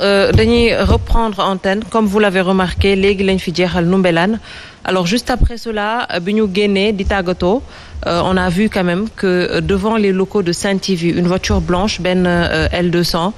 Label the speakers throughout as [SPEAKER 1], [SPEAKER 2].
[SPEAKER 1] Euh, reprendre antenne comme vous l'avez remarqué l'Église alors juste après cela Bignou Guéné, dit à euh, on a vu quand même que euh, devant les locaux de saint yves une voiture blanche, Ben L200,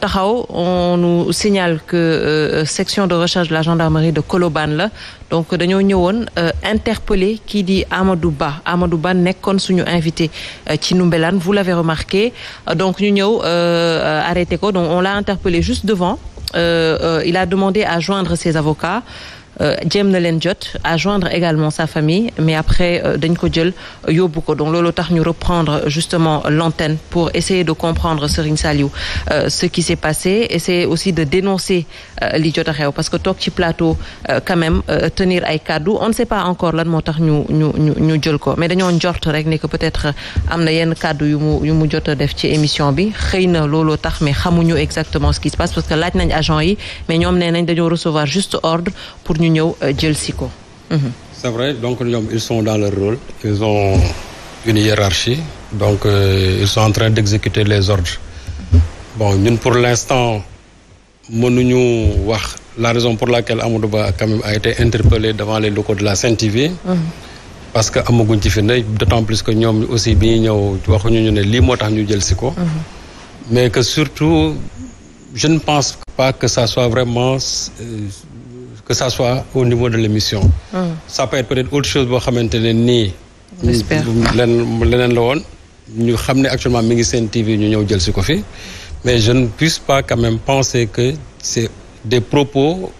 [SPEAKER 1] Tahao, on nous signale que euh, section de recherche de la gendarmerie de Koloban la donc de euh, interpellé qui dit Amadou Ba Amadou Ba n'est suñu invité ci vous l'avez remarqué donc ñu ñëw donc on l'a interpellé juste devant il a demandé à joindre ses avocats euh, jéem na leen jot à joindre également sa famille mais après euh, dañ ko djel euh, yobou ko donc lolo tax ñu reprendre justement l'antenne pour essayer de comprendre Serigne Saliou ce qui s'est passé essayer aussi de dénoncer li jot xew parce que tok ci plateau quand même tenir ay kàddu on ne sait pas encore lan moo tax ñu ñu ñu ñu jël ko mais dañu njort rek ne que peut-être amna yenn kàddu yu mu yu mu jot def ci émission bi xeyna lolo tax mais xamuñu exactement ce qui se passe parce que laaj nañ agent yi mais ñom nee nañ dañoo recevoir juste ordre pour ñu euh, mhm.
[SPEAKER 2] c'est vrai donc ils sont dans leur rôle. ils ont une hiérarchie. donc euh, ils sont en train d'exécuter les ordres. bon pour l'instant mënuñu wax la raison pour laquelle Amadou Ba quand même a été interpellé devant les locaux de la sainte TV. Mhm. parce que amaguñ ci fi d'autant plus que sommes aussi bien, nous ñëw waxuñu ñu ne lii mhm. mais que surtout je ne pense pas que ça soit vraiment. Euh, que ça soit au niveau de l'émission hum. ça peut être peut-être autre chose pour xamante ne nii leneen la ñu actuellement mi ngi TV ñu ñëw jël si mais je ne puisse pas quand même penser que c'est des propos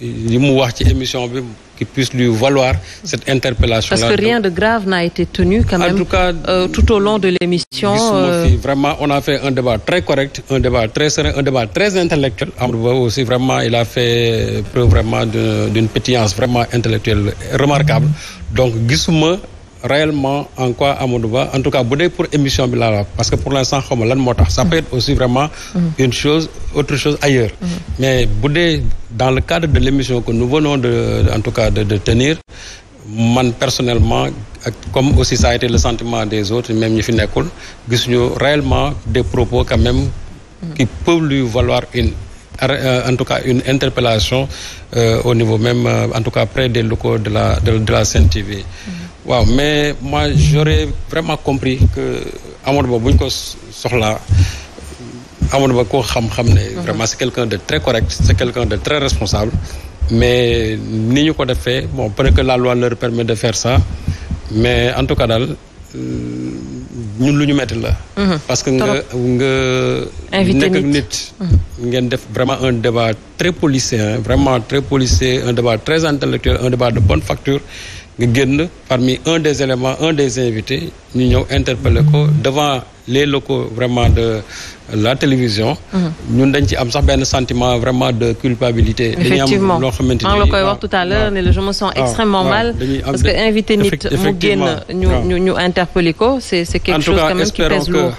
[SPEAKER 2] yi mu wax ci émission bi qui puisse lui valoir cette interpellation. -là. Parce que
[SPEAKER 1] rien de grave n'a été tenu quand même. En tout cas, euh, tout au long de l'émission. Euh,
[SPEAKER 2] vraiment, on a fait un débat très correct, un débat très serein, un débat très intellectuel. aussi vraiment, il a fait preuve vraiment d'une pétillance vraiment intellectuelle remarquable. Donc, Gisouma réellement en quoi Amadou en tout cas Boudé, pour émission de parce que pour l'instant ça peut être aussi vraiment mm-hmm. une chose autre chose ailleurs mm-hmm. mais Boudé, dans le cadre de l'émission que nous venons de en tout cas de, tenir man personnellement comme aussi ça a été le sentiment des autres même ni fi réellement des propos quand même mm-hmm. qui peuvent lui valoir une euh, en tout cas une interpellation euh, au niveau même euh, en tout cas près des locaux de la de, la mais moi j'aurais vraiment compris que Amadou Ba mhm. vraiment c'est quelqu'un de très correct c'est quelqu'un de très responsable. mais ni quoi de fait bon peut-être que la loi leur permet de faire ça mais en tout cas nous, nous mettons là. parce que nous, nga. Mhm. vraiment un débat très policier, hein, vraiment très policier, un débat très intellectuel un débat de bonne facture nga parmi un des éléments un des invités Nous nous interpellons devant les locaux vraiment de la télévision. Mhm. Nous avons ci am sentiment vraiment de culpabilité. effectivement am loo ah, la koy tout à l'heure
[SPEAKER 1] ne je me ah, extrêmement mal. parce que invité nit mu génn ñu ñu c'est quelque chose quand même qui pèse lourd.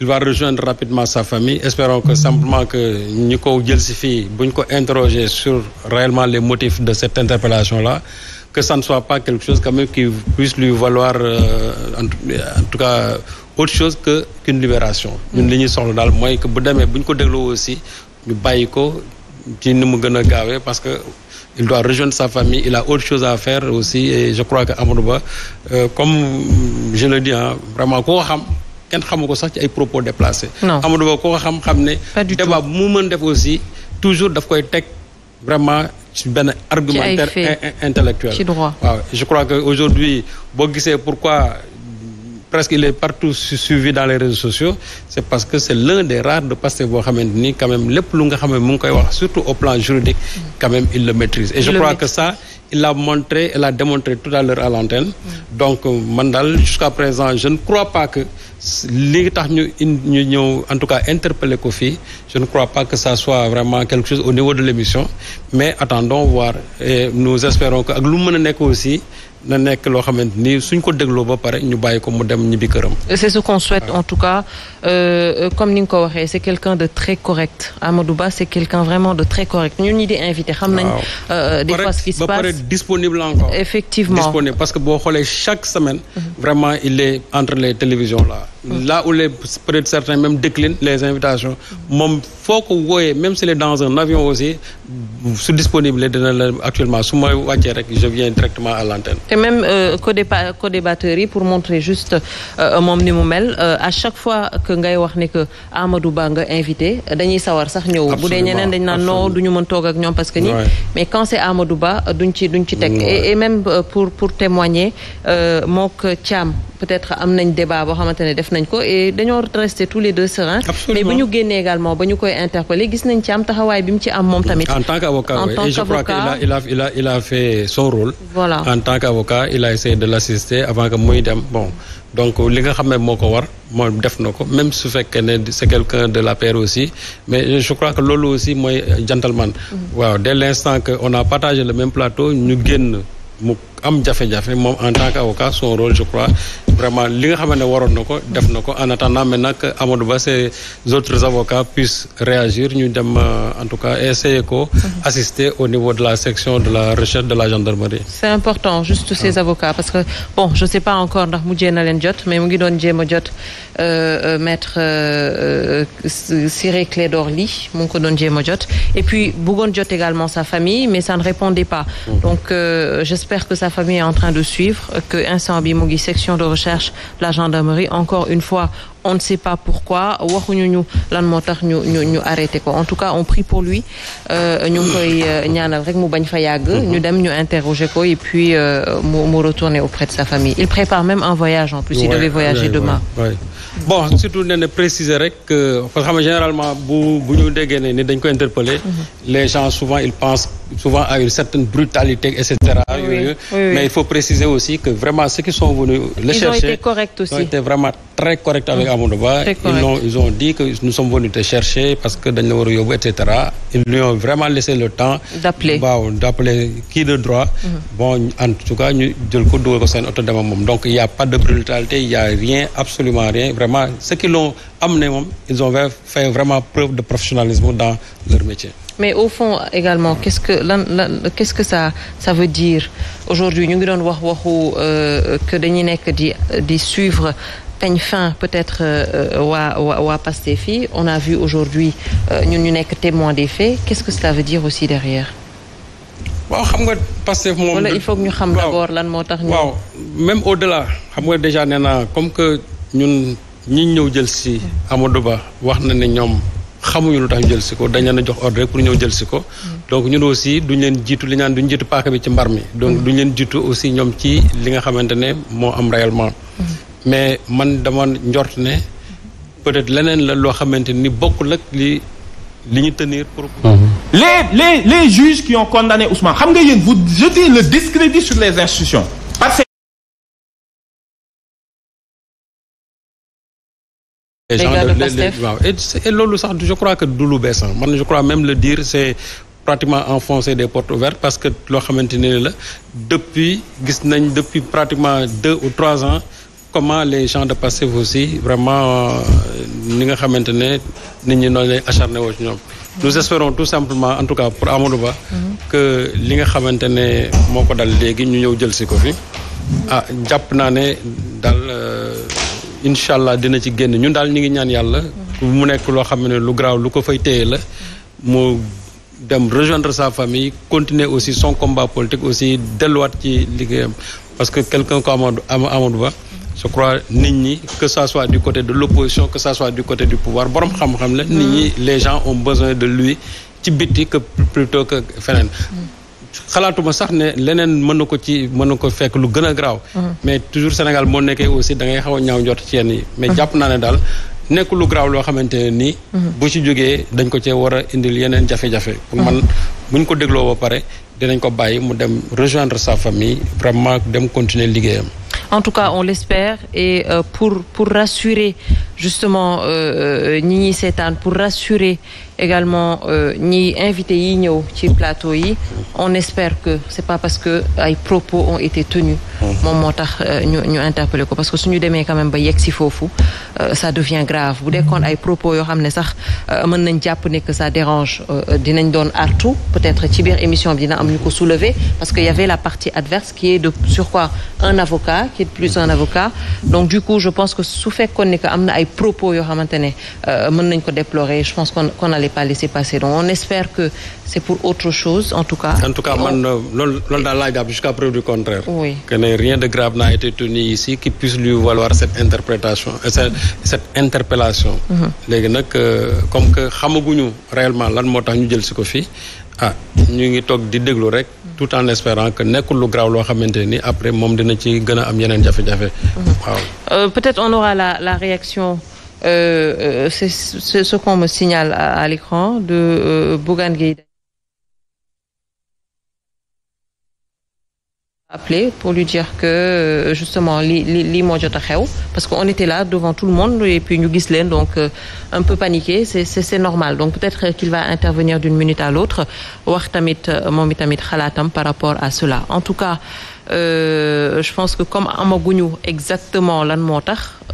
[SPEAKER 2] il va rejoindre rapidement sa famille espérons que simplement que nous ko jël interroger sur réellement les motifs de cette interpellation là que ça ne soit pas quelque chose quand même qui puisse lui valoir, euh, en, euh, en, tout cas, autre chose que qu'une libération. une mm. ligne ñuy soxla daal que bu mais bu ñu ko dégloo aussi ñu bàyyi ci ni mu gën parce que il doit rejoindre sa famille il a autre chose à faire aussi et je crois que Amadou euh, comme je le dis hein, vraiment koo xam. kenn xamu ko sax ci ay propos déplacés. Amadouba, Ba koo xam xam ne. débat bu mu mën def aussi toujours daf koy teg vraiment ci benn argumentaire intellectuel je crois que aujourd'hui boo pourquoi presque il est partout suivi dans les réseaux sociaux c'est parce que c'est l'un des rares de passer voir xamante quand même lépp lu nga xam surtout au plan juridique mm. quand même il le maîtrise et je crois que ça il l'a montré, elle l'a démontré tout à l'heure à l'antenne. Mm. Donc, euh, Mandal, jusqu'à présent, je ne crois pas que en tout cas interpellé Kofi, je ne crois pas que ça soit vraiment quelque chose au niveau de l'émission, mais attendons voir et nous espérons que aussi na nekk loo xamante suñ ko dégloo ba pare ñu bàyyi mu dem ñibbi këram.
[SPEAKER 1] c'est ce qu'on souhaite en tout cas euh, euh, comme ni ko waxee c'est quelqu'un de très correct Amadou Ba c'est quelqu'un vraiment de très correct ñun ñi di invité. xam nañ euh, des fois ce qui
[SPEAKER 2] se passe ba pare disponible encore. effectivement disponible parce que boo xoolee chaque semaine. vraiment il est entre les télévisions là là où les peut-être certains même déclinent les invitations faut que vous voyez même si est dans un avion aussi sont disponible actuellement su ma je viens directement à l'antenne
[SPEAKER 1] et même euh, codébat codébatteur batterie pour montrer juste euh, moom ni mu mel euh, à chaque fois que ngay wax ne que Amadou Banga invité dañuy sawar sax vous bu ñeneen dañ non ak parce que ni mais quand c'est Amadou Ba duñ ci duñ et même pour pour témoigner que Thiam peut-être am un débat boo xamante ne nañ ko et rester tous les deux sereins. mais bu ñu génnee également ba ñu koy interpeller gis nañ ci am taxawaay bi ci am tamit. en tant
[SPEAKER 2] qu'avocat je crois qu'il a il a il a fait son rôle. voilà en tant qu'avocat il a essayé de l'assister avant que muy dem bon. donc li nga xam ne moo ko war moom def même su fekkee ne c'est quelqu'un de la paire aussi mais je crois que Lolo aussi mooy gentleman. Mm-hmm. waaw dès l'instant que on a partagé le même plateau ñu génn mu am jafe-jafe en tant qu'avocat son rôle je crois vraiment li nga xamante ne nako def nako en attendant maintenant que Amadou Ba autres avocats puissent réagir ñu dem euh, en tout cas essayer ko mhm. assister au niveau de la section de la recherche de la gendarmerie
[SPEAKER 1] c'est important juste ah. ces avocats parce que bon je sais pas encore ndax na len jot mais mu ngi don jéem jot euh, euh, maître Ciré Clédor Ly mu ko don jot et puis Bougondiot jot également sa famille mais ça ne répondait pas mm. donc j'espère que sa famille est en train de suivre que instant bi mu ngi section de recherche la gendarmerie, encore une fois, on ne sait pas pourquoi waxuñu ñu lan motax ñu ñu arrêté en tout cas on prie pour lui euh, ñu koy euh, ñaanal rek mu bañ fa yàgg. Mhm. ñu dem ñu interroger ko et puis nous euh, mu retourner auprès de sa famille il prépare même un voyage en plus. il devait voyager demain.
[SPEAKER 2] bon surtout nee préciser rek parce que généralement bu buñu déggé né dañ ko interpeller mhm. les gens souvent ils pensent souvent à une certaine brutalité etc. mais il faut préciser aussi que vraiment ceux qui sont venus. le chercher ils ont été corrects aussi. vraiment très correct avec mm. Amadou Ils ont, ils ont dit que nous sommes venus te chercher parce que Daniel la etc. Ils lui ont vraiment laissé le temps. d'appeler d'appeler qui de droit. Mm-hmm. bon en tout cas ñu donc il n'y a pas de brutalité il y a rien absolument rien vraiment ce qu'ils l'ont amené ils ont fait vraiment preuve de professionnalisme dans leur métier.
[SPEAKER 1] mais au fond également qu'est-ce que qu'est-ce que ça ça veut dire aujourd'hui nous ngi euh, que dañuy Nek di suivre teigne fin peut-être euh, waa waa Pastef yi on a vu aujourd'hui euh, ñun ñu nekk témoin des faits qu'est-ce que cela veut dire aussi derrière. waaw xam nga Pastef moom. wala il faut que ñu xam d'abord lan moo tax. ñu waaw
[SPEAKER 2] même au-delà xam nga déjà nee naa comme que ñun ñi ñëw jël si Amadou Ba wax na ne ñoom. xamuñu lu tax ñu jël si ko dañ leen a jox ordre rek pour ñëw jël si ko. Mm. donc ñun aussi duñ leen jiitu li ñaan duñ jiitu paaka bi ci mbar mi. donc mm. duñ leen jiitu aussi ñoom ci li nga xamante ne moo am réellement mais man dama njort peut-être que la loo xamante ni bokkul ak li li tenir pour. Mhm. les les les juges qui ont condamné Ousmane xam nga vous jetez le discrédit sur les institutions. parce que et je crois que du lu hein. man je crois même le dire c'est pratiquement enfoncer des portes ouvertes parce que la loi depuis depuis pratiquement deux ou trois ans comment les gens de Pastef aussi vraiment euh, ni nga xamantene nit ñi noonu lay acharné wo ci ñoom. nous espérons tout simplement en tout cas pour Amadou Ba. que li nga xamantene ne moo ko dal léegi ñu ñëw jël si ko fi. ah jàpp naa ne dal euh, inshallah dina ci génn ñun daal ñi ngi ñaan yàlla. mu nekk loo xam ne lu graw lu ko fay téye la mu dem rejoindre sa famille continuer aussi son combat politique aussi delluwaat ci liggéeyam parce que quelqu'un comme Amadou Amadou Ba je crois nit ñi que ça soit du côté de l'opposition que ça soit du côté du pouvoir borom xam-xam la. nit ñi hmm. les gens ont besoin de lui ci biti que plutôt que fenen hmm. xalaatuma sax ne leneen mën ko ci mën ko fekk lu gën a hmm. mais toujours Sénégal moo nekkee aussi da ngay xaw a ñaaw njort ci yenn yi. mais jàpp naa ne daal nekk lu graw loo xamante ne nii. bu ci jógee dañ ko cee war a indil yeneen jafe-jafe. pour man buñ ko dégloo ba pare dinañ ko bàyyi mu dem rejoindre sa famille vraiment dem continuer liggéeyam.
[SPEAKER 1] En tout cas, on l'espère. Et euh, pour, pour rassurer justement euh, euh, Nini Setan, pour rassurer également ni euh, invité yi ñëw ci plateau yi on espère que c'est pas parce que ay propos ont été tenus mon nous nous ñu ñu ko parce que suñu démé quand même ba yegg fofu euh, ça devient grave bu dekkoon ay propos yo xam ne sax euh, mën nañ japp que ça dérange dinañ à artu peut-être ci bir émission bi dina am ñuko soulever parce que y avait la partie adverse qui est de sur quoi un avocat qui est plus un avocat donc du coup je pense que su fait qu'on que amna ay propos yo xamantene ne mën nañ ko déplorer je pense qu'on a pas laisser passer. Donc on espère que c'est pour autre chose, en tout cas. En tout cas, on...
[SPEAKER 2] Euh, jusqu'à preuve du contraire. Oui. Que rien de grave n'a été tenu ici qui puisse lui valoir cette interprétation, euh, cette, cette interpellation. Mhm. léegi que euh, comme que xamaguñu réellement lan mot tax ñu jël si ko fii ah ñu tout en espérant que n'est le grave loi xamante maintenir après mon dina ci gën a am en jafé jafé.
[SPEAKER 1] peut-être on aura la réaction. Euh, euh, c'est ce qu'on me signale à, l'écran de euh, Bogan appelé pour lui dire que euh, justement parce qu'on était là devant tout le monde et puis nous donc un peu paniqué c'est normal donc peut-être qu'il va intervenir d'une minute à l'autre par rapport à cela en tout cas je pense que comme amaguñu exactement lan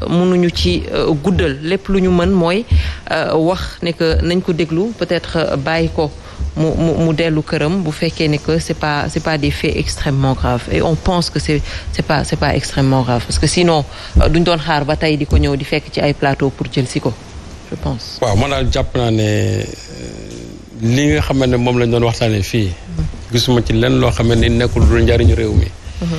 [SPEAKER 1] mënuñu ci euh, guddal lépp lu ñu mën mooy euh, wax ne que nañ ko déglu peut-être euh, bàyyi ko mu mu mu dellu këram bu fekkee ne que c'est pas c'est pas des faits extrêmement graves et on pense que c'est c'est pas c'est pas extrêmement grave parce que sinon duñ doon xaar ba tey di ko ñëw di fekk ci ay plateau pour jël si ko je pense.
[SPEAKER 2] waaw man daal jàpp naa ne li nga xam ne moom lañ doon waxtaanee fii. Mm-hmm. gisuma ci lenn loo xam ne nekkul lu njariñu réew mi. Mm-hmm.